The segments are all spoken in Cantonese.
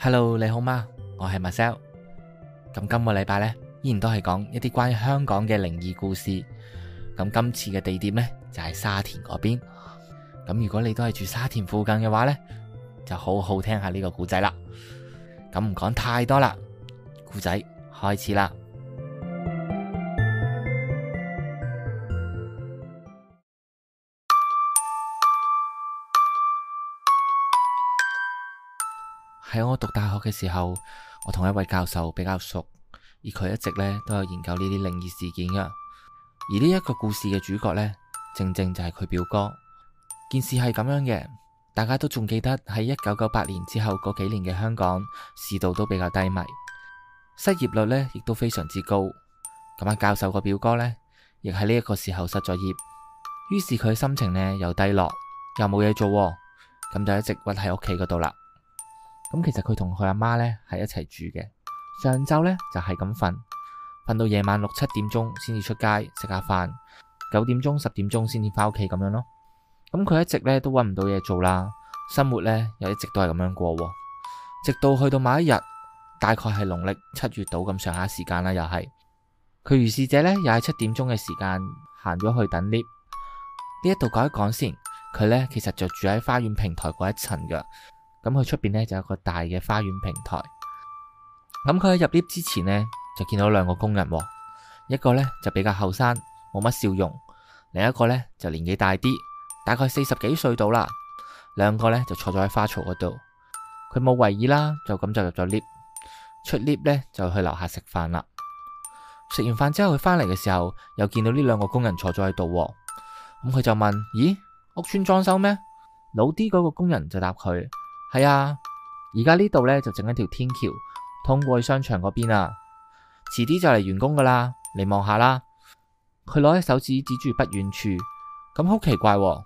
Hello，你好嗎？我係 Marcel。咁今個禮拜咧，依然都係講一啲關於香港嘅靈異故事。咁今次嘅地點咧就喺沙田嗰邊。咁如果你都係住沙田附近嘅話咧，就好好聽下呢個故仔啦。咁唔講太多啦，故仔開始啦。喺我讀大學嘅時候，我同一位教授比較熟，而佢一直咧都有研究呢啲靈異事件嘅。而呢一個故事嘅主角咧，正正就係佢表哥。件事係咁樣嘅，大家都仲記得喺一九九八年之後嗰幾年嘅香港市道都比較低迷，失業率咧亦都非常之高。咁阿教授個表哥咧，亦喺呢一個時候失咗業，於是佢心情呢又低落，又冇嘢做喎，咁就一直鬱喺屋企嗰度啦。咁其實佢同佢阿媽呢係一齊住嘅。上晝呢就係咁瞓，瞓到夜晚六七點鐘先至出街食下飯，九點鐘、十點鐘先至翻屋企咁樣咯。咁佢一直呢都搵唔到嘢做啦，生活呢又一直都係咁樣過。直到去到某一日，大概係農曆七月度咁上下時間啦，又係佢如是者呢又係七點鐘嘅時間行咗去等 lift。說一說呢一度講一講先，佢呢其實就住喺花園平台嗰一層嘅。咁佢出邊咧就有一個大嘅花園平台。咁佢喺入 lift 之前呢，就見到兩個工人，一個咧就比較後生，冇乜笑容；另一個咧就年紀大啲，大概四十幾歲到啦。兩個咧就坐咗喺花槽嗰度，佢冇為意啦，就咁就入咗 lift。出 lift 咧就去樓下食飯啦。食完飯之後佢返嚟嘅時候又見到呢兩個工人坐咗喺度，咁、嗯、佢就問：咦，屋村裝修咩？老啲嗰個工人就答佢。係啊，而家呢度呢，就整一條天橋，通過去商場嗰邊啊。遲啲就嚟完工噶啦，你望下啦。佢攞起手指指住不遠處，咁好奇怪，哦。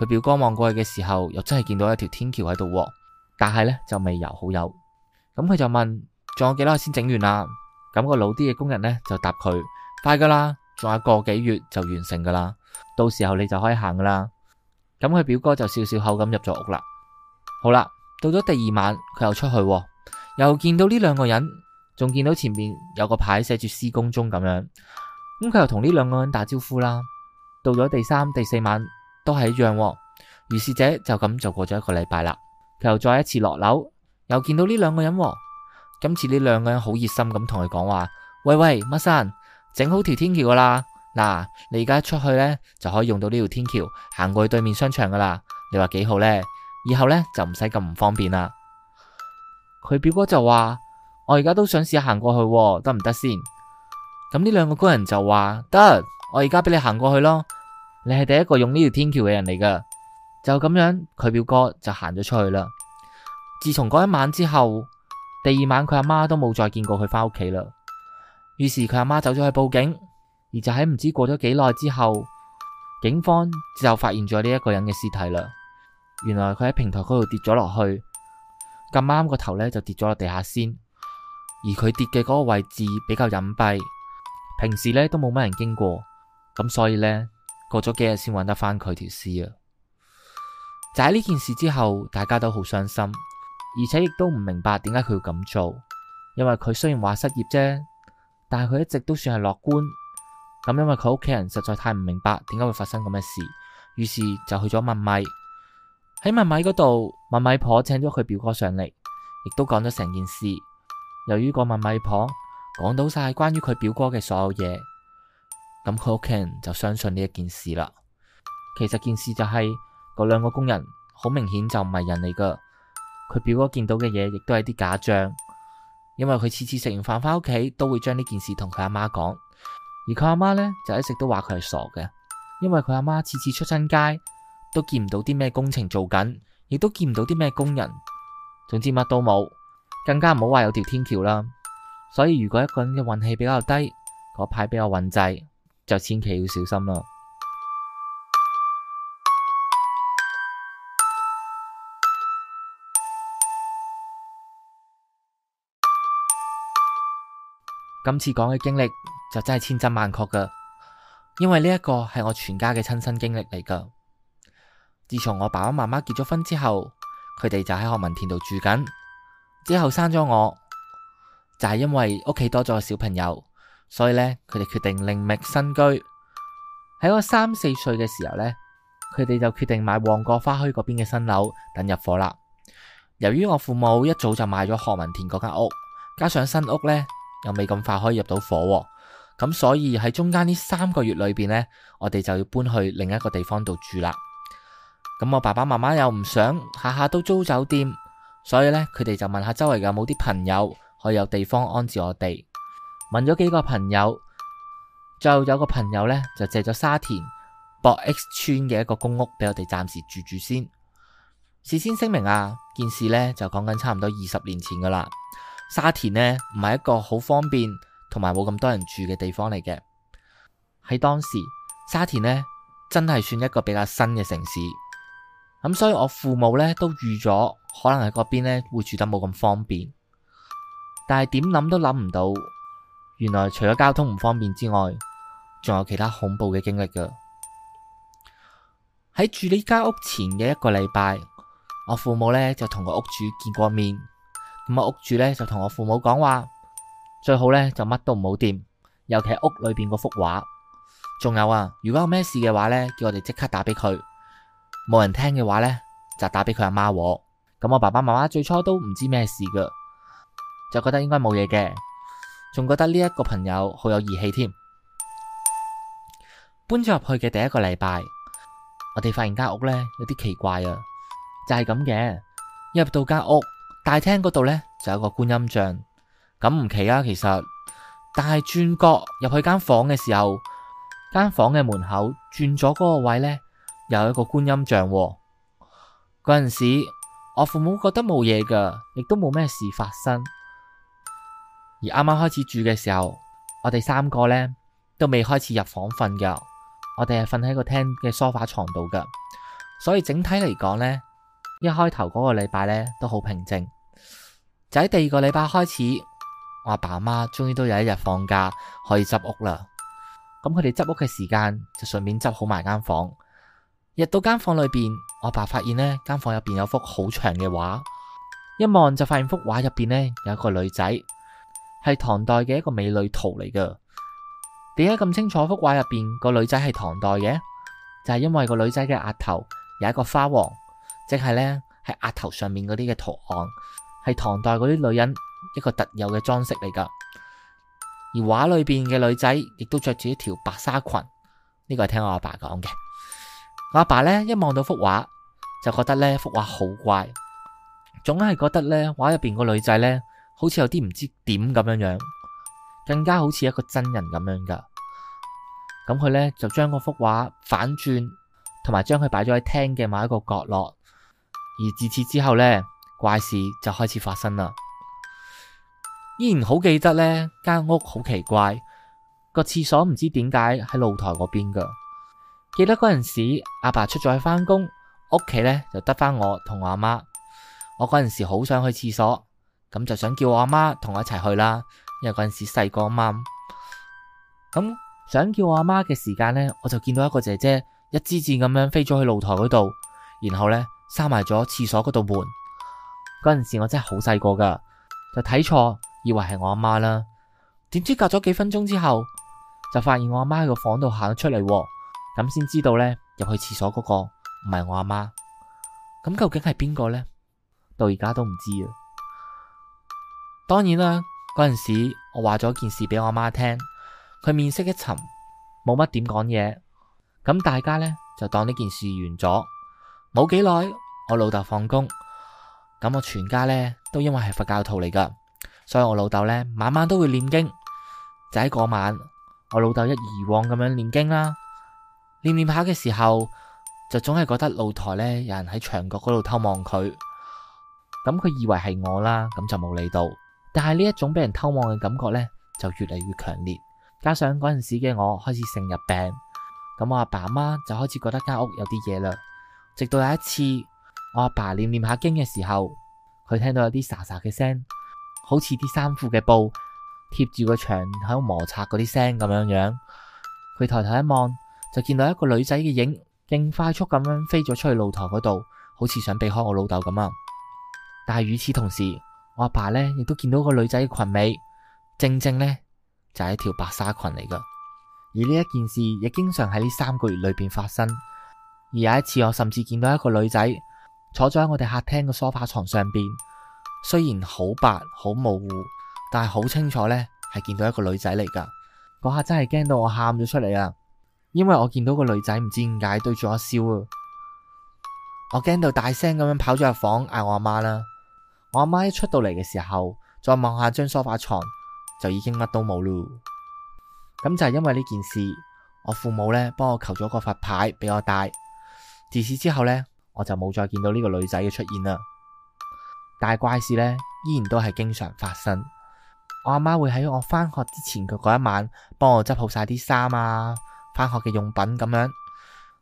佢表哥望過去嘅時候，又真係見到一條天橋喺度，但係呢，就未由好友未有好友。咁、嗯、佢就問：仲有幾耐先整完啦，啊？咁、嗯、個老啲嘅工人呢，就答佢：快噶啦，仲有個幾月就完成噶啦，到時候你就可以行噶啦。咁、嗯、佢表哥就笑笑口咁入咗屋啦。好啦，到咗第二晚，佢又出去、哦，又見到呢兩個人，仲見到前面有個牌寫住施工中咁樣，咁、嗯、佢又同呢兩個人打招呼啦。到咗第三、第四晚都係一樣、哦，於是者就咁就過咗一個禮拜啦。佢又再一次落樓，又見到呢兩個人、哦，今次呢兩個人好熱心咁同佢講話：「喂喂，麥生，整好條天橋噶啦，嗱，你而家出去呢，就可以用到呢條天橋行過去對面商場噶啦，你話幾好呢？」以後呢，就唔使咁唔方便啦。佢表哥就話：我而家都想試行過去哦，得唔得先？咁呢兩個工人就話：得，我而家畀你行過去咯。你係第一個用呢條天橋嘅人嚟噶。就咁樣，佢表哥就行咗出去啦。自從嗰一晚之後，第二晚佢阿媽都冇再見過佢返屋企啦。於是佢阿媽走咗去報警，而就喺唔知過咗幾耐之後，警方就發現咗呢一個人嘅屍體啦。原來佢喺平台嗰度跌咗落去，咁啱個頭呢就跌咗落地下先，而佢跌嘅嗰個位置比較隱蔽，平時呢都冇乜人經過，咁所以呢，過咗幾日先搵得翻佢條屍啊。就喺呢件事之後，大家都好傷心，而且亦都唔明白點解佢要咁做。因為佢雖然話失業啫，但係佢一直都算係樂觀咁，因為佢屋企人實在太唔明白點解會發生咁嘅事，於是就去咗問米。喺問米嗰度，問米婆請咗佢表哥上嚟，亦都講咗成件事。由於個問米婆講到晒關於佢表哥嘅所有嘢，咁佢屋企人就相信呢一件事啦。其實件事就係嗰兩個工人好明顯就唔係人嚟噶，佢表哥見到嘅嘢亦都係啲假象。因為佢次次食完飯翻屋企都會將呢件事同佢阿媽講，而佢阿媽呢，就一直都話佢係傻嘅，因為佢阿媽次次出親街，都見唔到啲咩工程做緊，亦都見唔到啲咩工人，總之乜都冇，更加唔好話有條天橋啦。所以如果一個人嘅運氣比較低，嗰排比較運滯，就千祈要小心啦。今次講嘅經歷就真係千真萬確噶，因為呢一個係我全家嘅親身經歷嚟噶。自從我爸爸媽媽結咗婚之後，佢哋就喺何文田度住緊。之後生咗我，就係因為屋企多咗個小朋友，所以咧佢哋決定另覓新居。喺我三四歲嘅時候咧，佢哋就決定買旺角花墟嗰邊嘅新樓等入伙啦。由於我父母一早就買咗何文田嗰間屋，加上新屋咧又未咁快可以入到伙，咁所以喺中間呢三個月裏邊咧，我哋就要搬去另一個地方度住啦。咁我爸爸媽媽又唔想下下都租酒店，所以咧佢哋就問下周圍有冇啲朋友可以有地方安置我哋。問咗幾個朋友，就有個朋友咧就借咗沙田博 X 村嘅一個公屋俾我哋暫時住住先。事先聲明啊，件事呢就講緊差唔多二十年前噶啦。沙田呢唔係一個好方便同埋冇咁多人住嘅地方嚟嘅。喺當時沙田呢真係算一個比較新嘅城市。咁所以我父母咧都預咗，可能喺嗰邊咧會住得冇咁方便，但係點諗都諗唔到，原來除咗交通唔方便之外，仲有其他恐怖嘅經歷噶。喺住呢間屋前嘅一個禮拜，我父母咧就同個屋主見過面，咁啊屋主咧就同我父母講話，最好咧就乜都唔好掂，尤其係屋裏邊嗰幅畫，仲有啊，如果有咩事嘅話咧，叫我哋即刻打俾佢。冇人聽嘅話呢，就打俾佢阿媽喎。咁我爸爸媽媽最初都唔知咩事㗎，就覺得應該冇嘢嘅，仲覺得呢一個朋友好有義氣添。搬咗入去嘅第一個禮拜，我哋發現間屋呢有啲奇怪啊，就係咁嘅。一入到間屋大廳嗰度呢就有個觀音像。咁唔奇啊，其實，但係轉角入去間房嘅時候，間房嘅門口轉咗嗰個位呢。有一個觀音像嗰陣時，我父母覺得冇嘢噶，亦都冇咩事發生。而啱啱開始住嘅時候，我哋三個呢都未開始入房瞓嘅，我哋係瞓喺個廳嘅梳化床度噶。所以整體嚟講呢，一開頭嗰個禮拜呢都好平靜。就喺第二個禮拜開始，我阿爸阿媽終於都有一日放假可以執屋啦。咁佢哋執屋嘅時間就順便執好埋間房。入到間房裏邊，我爸發現呢間房入邊有幅好長嘅畫，一望就發現幅畫入邊呢有一個女仔，係唐代嘅一個美女圖嚟噶。點解咁清楚幅畫入邊個女仔係唐代嘅？就係、是、因為個女仔嘅額頭有一個花黃，即、就、係、是、呢係額頭上面嗰啲嘅圖案係唐代嗰啲女人一個特有嘅裝飾嚟噶。而畫裏邊嘅女仔亦都着住一條白紗裙，呢個係聽我阿爸講嘅。阿爸呢，一望到幅畫，就覺得呢幅畫好怪，總係覺得呢畫入邊個女仔呢，好似有啲唔知點咁樣樣，更加好似一個真人咁樣噶。咁佢呢，就將嗰幅畫反轉，同埋將佢擺咗喺廳嘅某一個角落。而自此之後呢，怪事就開始發生啦。依然好記得呢間屋好奇怪，個廁所唔知點解喺露台嗰邊噶。記得嗰陣時，阿爸出咗去返工，屋企咧就得返我同我阿媽。我嗰陣時好想去廁所，咁就想叫我阿媽同我一齊去啦。因為嗰陣時細個啊嘛，咁想叫我阿媽嘅時間咧，我就見到一個姐姐一支箭咁樣飛咗去露台嗰度，然後咧閂埋咗廁所嗰度門。嗰陣時我真係好細個㗎，就睇錯，以為係我阿媽啦。點知隔咗幾分鐘之後，就發現我阿媽喺個房度行咗出嚟。咁先知道呢，入去廁所嗰個唔係我阿媽，咁究竟係邊個呢？到而家都唔知啊。當然啦，嗰陣時我話咗件事俾我阿媽聽，佢面色一沉，冇乜點講嘢。咁大家呢，就當呢件事完咗。冇幾耐，我老豆放工，咁我全家呢，都因為係佛教徒嚟噶，所以我老豆呢，晚晚都會念經。就喺嗰晚，我老豆一如往咁樣念經啦。念念下嘅時候，就總係覺得露台咧，有人喺牆角嗰度偷望佢。咁佢以為係我啦，咁就冇理到。但係呢一種俾人偷望嘅感覺呢，就越嚟越強烈。加上嗰陣時嘅我開始成日病，咁我阿爸阿媽就開始覺得間屋有啲嘢啦。直到有一次，我阿爸念念下經嘅時候，佢聽到有啲沙沙嘅聲，好似啲衫褲嘅布貼住個牆喺度摩擦嗰啲聲咁樣樣。佢抬頭一望。就見到一個女仔嘅影，勁快速咁樣飛咗出去露台嗰度，好似想避開我老豆咁啊。但係與此同時，我阿爸咧亦都見到個女仔嘅裙尾，正正咧就係一條白紗裙嚟噶。而呢一件事亦經常喺呢三個月裏邊發生。而有一次，我甚至見到一個女仔坐咗喺我哋客廳嘅梳化床上邊，雖然好白好模糊，但係好清楚咧係見到一個女仔嚟噶。嗰下真係驚到我喊咗出嚟啊！因為我見到個女仔唔知點解對住我笑啊，我驚到大聲咁樣跑咗入房嗌我阿媽啦。我阿媽一出到嚟嘅時候，再望下張梳化床就已經乜都冇啦。咁就係因為呢件事，我父母呢幫我求咗個佛牌俾我戴。自此之後呢，我就冇再見到呢個女仔嘅出現啦。但係怪事呢，依然都係經常發生。我阿媽會喺我返學之前嘅嗰一晚幫我執好晒啲衫啊。翻學嘅用品咁樣，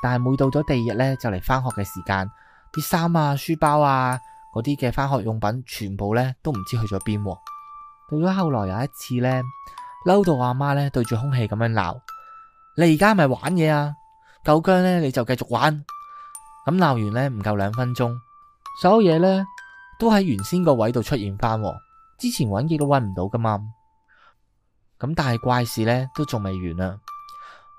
但係每到咗第二日咧，就嚟翻學嘅時間，啲衫啊、書包啊嗰啲嘅翻學用品，全部咧都唔知去咗邊喎。到咗後來有一次咧，嬲到阿媽咧對住空氣咁樣鬧：你而家係咪玩嘢啊，夠姜咧你就繼續玩。咁鬧完咧唔夠兩分鐘，所有嘢咧都喺原先個位度出現翻，之前揾嘢都揾唔到噶嘛。咁但係怪事咧都仲未完啊！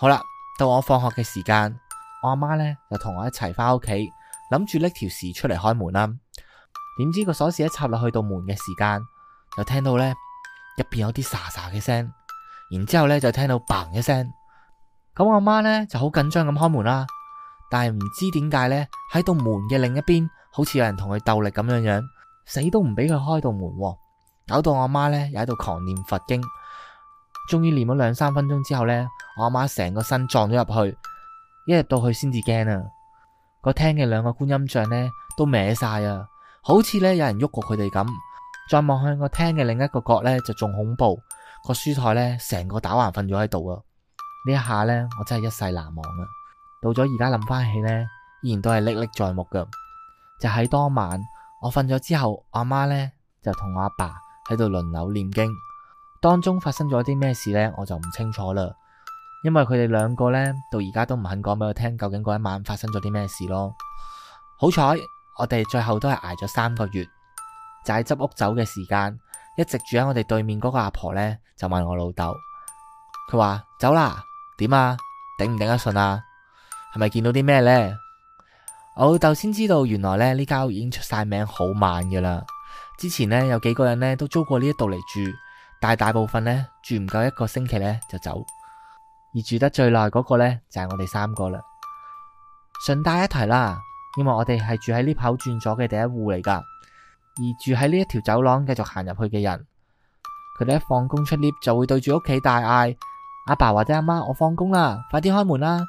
好啦，到我放學嘅時間，我阿媽咧就同我一齊翻屋企，諗住拎條匙出嚟開門啦。啊，點知個鎖匙一插落去到門嘅時間，就聽到咧入邊有啲沙沙嘅聲，然之後咧就聽到「嘭」一聲。咁我阿媽咧就好緊張咁開門啦，啊，但係唔知點解咧喺度門嘅另一邊好似有人同佢鬥力咁樣樣，死都唔俾佢開到門，啊，搞到我阿媽咧又喺度狂念佛經，終於念咗兩三分鐘之後咧。我阿媽成個身撞咗入去，一入到去先至驚啊！個廳嘅兩個觀音像呢都歪晒啊，好似呢有人喐過佢哋咁。再望向個廳嘅另一個角呢，就仲恐怖，個書台呢，成個打橫瞓咗喺度啊！呢一下呢，我真係一世難忘啊！到咗而家諗翻起呢，依然都係歷歷在目噶。就喺當晚我瞓咗之後，阿媽呢，就同我阿爸喺度輪流念經，當中發生咗啲咩事呢，我就唔清楚啦。因為佢哋兩個呢，到而家都唔肯講俾我聽，究竟嗰一晚發生咗啲咩事咯。好彩，我哋最後都係挨咗三個月，就係執屋走嘅時間，一直住喺我哋對面嗰個阿婆呢，就問我老豆，佢話「走啦，點啊，頂唔頂得順啊，係咪見到啲咩呢？」我老豆先知道原來呢呢間屋已經出晒名好慢噶啦。之前呢，有幾個人呢都租過呢一度嚟住，但係大部分呢，住唔夠一個星期呢就走。而住得最耐嗰個呢，就係我哋三個啦。順帶一提啦，因為我哋係住喺 lift 口轉左嘅第一戶嚟噶。而住喺呢一條走廊繼續行入去嘅人，佢哋一放工出 lift 就會對住屋企大嗌，阿爸或者阿媽，我放工啦，快啲開門啦。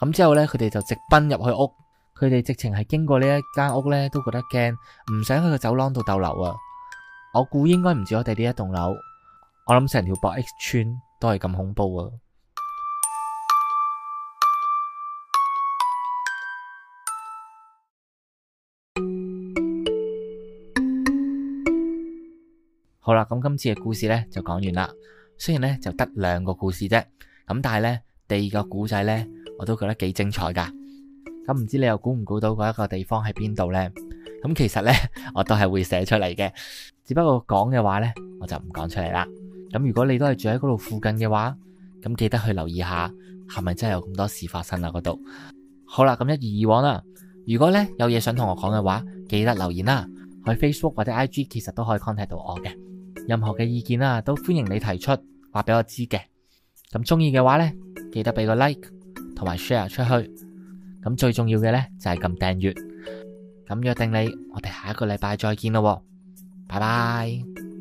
咁之後呢，佢哋就直奔入去屋。佢哋直情係經過呢一間屋呢，都覺得驚，唔想喺個走廊度逗留啊。我估應該唔止我哋呢一棟樓，我諗成條博 X 村都係咁恐怖啊。好啦，咁今次嘅故事呢就講完啦。雖然呢就得兩個故事啫，咁但係呢，第二個故仔呢我都覺得幾精彩噶。咁唔知你又估唔估到嗰一個地方喺邊度呢？咁其實呢，我都係會寫出嚟嘅，只不過講嘅話呢，我就唔講出嚟啦。咁如果你都係住喺嗰度附近嘅話，咁記得去留意下係咪真係有咁多事發生啊？嗰度好啦，咁一如以往啦。如果呢有嘢想同我講嘅話，記得留言啦。喺 Facebook 或者 IG 其實都可以 contact 到我嘅。任何嘅意見啦，都歡迎你提出，話俾我知嘅。咁中意嘅話呢，記得俾個 like 同埋 share 出去。咁最重要嘅呢，就係撳訂閱。咁約定你，我哋下一個禮拜再見咯，拜拜。